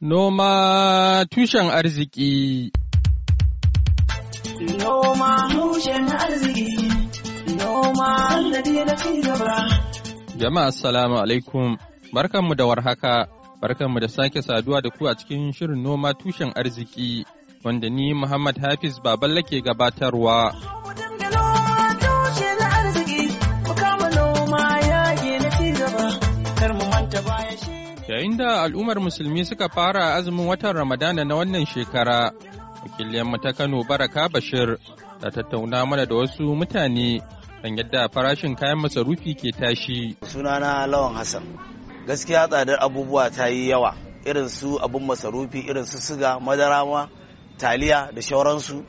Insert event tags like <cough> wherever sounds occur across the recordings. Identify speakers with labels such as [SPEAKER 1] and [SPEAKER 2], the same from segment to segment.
[SPEAKER 1] Noma tushen arziki
[SPEAKER 2] Noma tushen arziki Noma da na gaba.
[SPEAKER 1] Jama'a assalamu alaikum barkanmu da warhaka barkanmu da sake saduwa da ku a cikin shirin noma tushen arziki wanda ni Muhammad Hafiz Baballa ke gabatarwa.
[SPEAKER 2] Kar mu manta baya shi
[SPEAKER 1] Yayin da al'ummar musulmi suka fara azumin watan Ramadana na wannan shekara, wakiliyanmu ta Kano Baraka Bashir ta tattauna mana da wasu mutane kan yadda farashin kayan masarufi ke tashi.
[SPEAKER 2] Sunana Lawan Hassan. Gaskiya tsadar abubuwa ta yi yawa, irin su abin masarufi, irin su siga, madara ma, taliya da shauransu.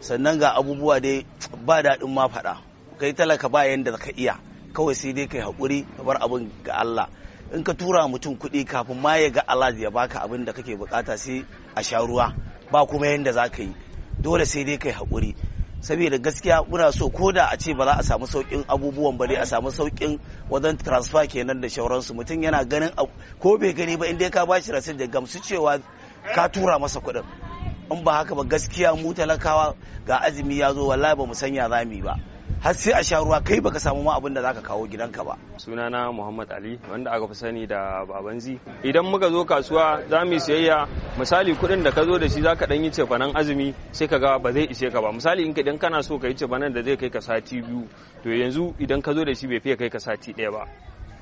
[SPEAKER 2] Sannan ga abubuwa dai ba daɗin ma faɗa. Kai talaka ba yadda ka iya. kawai sai dai kai haƙuri ka bar abin ga Allah in ka tura mutum kuɗi kafin ma ya ga Allah ya baka abin da kake buƙata sai a sha ruwa ba kuma yadda za ka yi dole sai dai kai haƙuri saboda gaskiya muna so ko da a ce ba za a samu sauƙin abubuwan ba a samu sauƙin wajen transfer kenan da shauransu mutum yana ganin ko bai gani ba inda ka bashi rasin da gamsu cewa ka tura masa kuɗin in ba haka ba gaskiya mu talakawa ga azumi ya zo wallahi ba mu sanya zami ba har sai a sha ruwa kai baka samu ma abin da zaka kawo gidanka ba sunana muhammad ali wanda aka fi sani da babanzi idan muka zo kasuwa za mu siyayya misali kuɗin da ka zo da shi zaka dan yi cefanen azumi sai ka ga ba zai ishe ka ba misali in ka idan kana so ka yi cefanen da zai kai ka sati biyu to yanzu idan ka zo da shi bai fiye kai ka sati ɗaya ba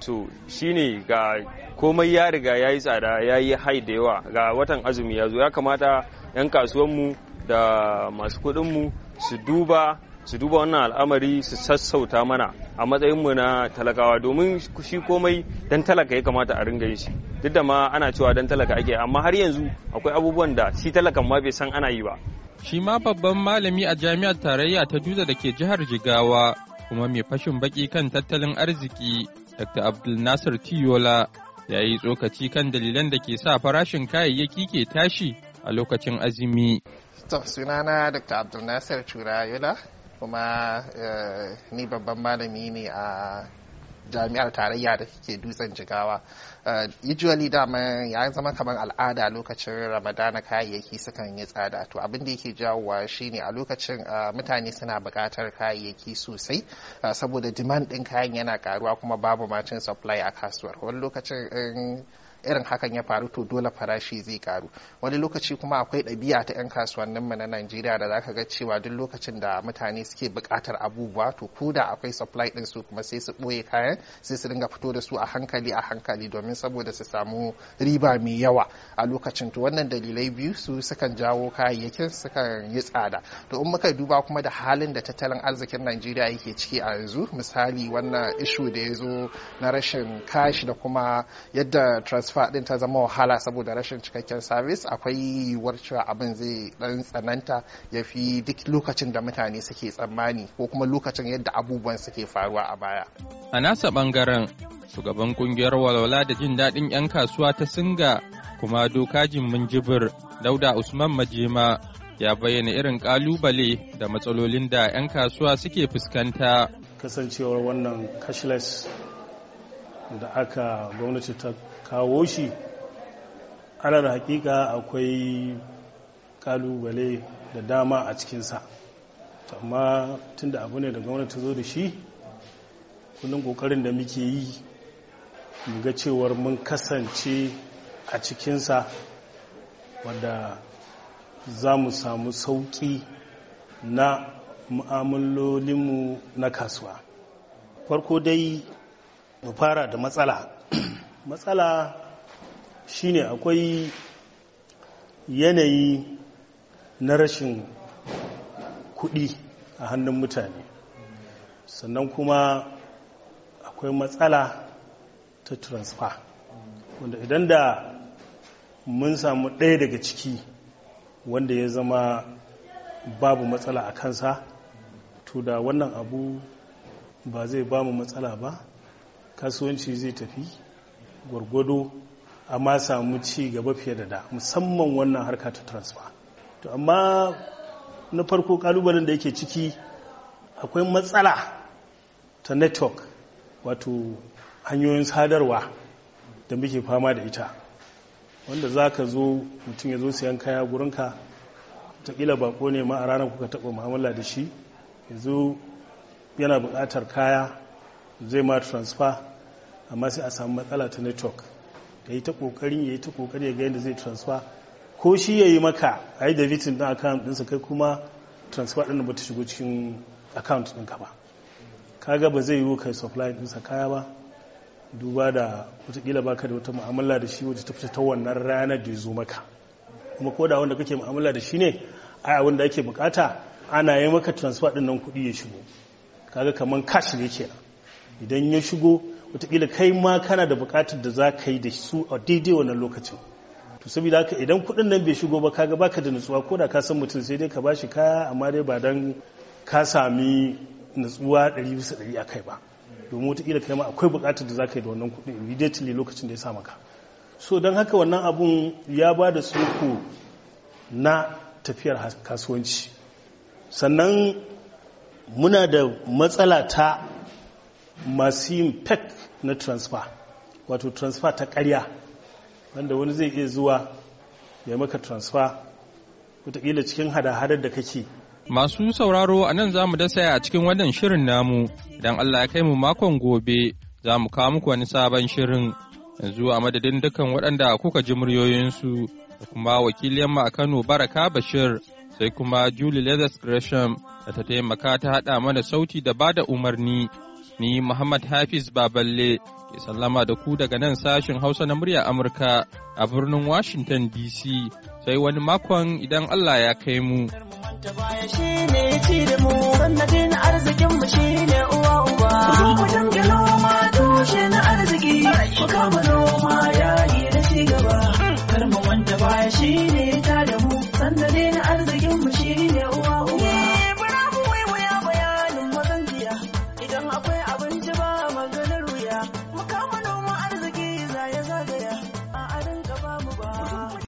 [SPEAKER 2] to shine ga komai ya riga ya yi tsada ya yi hai da yawa ga watan azumi ya zo ya kamata 'yan kasuwanmu da masu kuɗinmu su duba su duba wannan al'amari su sassauta mana a matsayinmu na talakawa domin shi komai dan talaka ya kamata a ringa yin shi duk da ma ana cewa dan talaka ake amma har yanzu akwai abubuwan da shi talakan ma bai san ana yi ba
[SPEAKER 1] shi ma babban malami a jami'ar tarayya ta dutse da ke jihar jigawa kuma mai fashin baki kan tattalin arziki dr abdul nasir tiyola ya yi tsokaci kan dalilan da ke sa farashin kayayyaki ke tashi a lokacin azumi.
[SPEAKER 3] To sunana Dr. Abdulnasir Cura Yola kuma eh, ni babban malami ne a jami'ar tarayya da ke dutsen jigawa eh, usually dama ya zama kamar al'ada lokacin ramadana kayayyaki sukan yi tsada to abin da yake jawowa shine a lokacin eh, mutane suna buƙatar kayayyaki sosai saboda demand ɗin kayan yana karuwa kuma babu macin supply a kasuwar wani lokacin irin hakan ya faru to dole farashi zai karu wani lokaci kuma akwai ɗabi'a ta 'yan kasuwannin mu na Najeriya da zaka ga cewa duk lokacin da mutane suke buƙatar abubuwa to ko da akwai supply din su kuma sai su ɓoye kayan sai su dinga fito da su a hankali a hankali domin saboda su samu riba mai yawa a lokacin to wannan dalilai biyu su sukan jawo kayayyakin sukan yi tsada to in muka duba kuma da halin da tattalin arzikin Najeriya yake ciki a yanzu misali wannan ishu da ya zo na rashin kashi da kuma yadda transfer transfer din ta zama wahala saboda rashin cikakken service akwai yiwuwar cewa abin zai dan tsananta ya fi duk lokacin da mutane suke tsammani ko kuma lokacin yadda abubuwan suke faruwa a baya
[SPEAKER 1] a nasa bangaren shugaban kungiyar walwala da jin daɗin 'yan kasuwa ta singa kuma dokajin minjibir dauda usman majima ya bayyana irin kalubale da matsalolin da 'yan kasuwa suke fuskanta
[SPEAKER 2] kasancewar wannan cashless da aka gwamnati ta kawo shi alal hakika akwai kalubale da dama a cikinsa amma tunda abu ne da gwamnati zo da shi kullum kokarin da muke yi ga cewar mun kasance a cikinsa wadda za mu samu sauƙi na mu'amalolinmu na kasuwa farko dai mu fara da matsala <clears throat> matsala shine akwai yanayi na rashin kuɗi a hannun mutane sannan kuma akwai matsala ta transfer wanda idan da mun samu ɗaya daga ciki wanda ya zama babu matsala a kansa to da wannan abu ba zai ba mu matsala ba kasuwanci zai tafi gwargwado amma samu ci gaba fiye da da musamman wannan harka ta transfer to amma na farko kalubalen da yake ciki akwai matsala ta network wato hanyoyin sadarwa da muke fama da ita wanda za ka zo mutum ya zo siyan kaya gurinka ta ƙila bako ne ma a ranar kuka taɓa mu'amala da shi ya zo yana buƙatar kaya zai ma transfer amma sai a samu matsala ta network ya yi ta kokarin ya yi ta kokari ya ga yadda zai transfer ko shi ya yi maka a yi da vitin account ɗinsa kai kuma transfer ɗin ba ta shigo cikin account ɗinka ba kaga ba zai yi kai supply ɗinsa kaya ba duba da watakila ka da wata mu'amala da shi wata ta fita ta wannan ranar da ya zo maka kuma ko da wanda kake mu'amala da shi ne a abin da ake bukata ana yi maka transfer ɗin nan kuɗi ya shigo kaga kamar cash ne kenan idan ya shigo watakila kai ma kana da bukatar da za ka yi da su a daidai wannan lokacin to saboda haka idan kuɗin nan bai shigo ba kaga baka da nutsuwa ko da ka san mutum sai dai ka ba shi kaya amma dai ba dan ka sami nutsuwa ɗari bisa ɗari a kai ba domin watakila kai ma akwai bukatar da za ka yi da wannan kuɗin immediately lokacin da ya sa maka so don haka wannan abun ya ba da tsoko na tafiyar kasuwanci sannan muna da matsala ta masu yin pet na transfer wato transfer ta karya wanda wani zai iya zuwa ya maka transfer wataƙila cikin hada-hadar da kake
[SPEAKER 1] masu sauraro a nan za mu dasa a cikin wannan shirin namu idan allah ya kai mu makon gobe za mu kawo muku wani sabon shirin yanzu a madadin dukkan waɗanda kuka ji muryoyinsu da kuma yamma a kano baraka bashir sai kuma julie leathers gresham da ta taimaka ta haɗa mana sauti da bada umarni Ni Muhammad Hafiz Baballe ke sallama da ku daga nan sashin Hausa na murya Amurka a birnin Washington DC sai wani makon idan Allah ya kai mu.
[SPEAKER 2] arzikin mu shine uwa uba. arziki.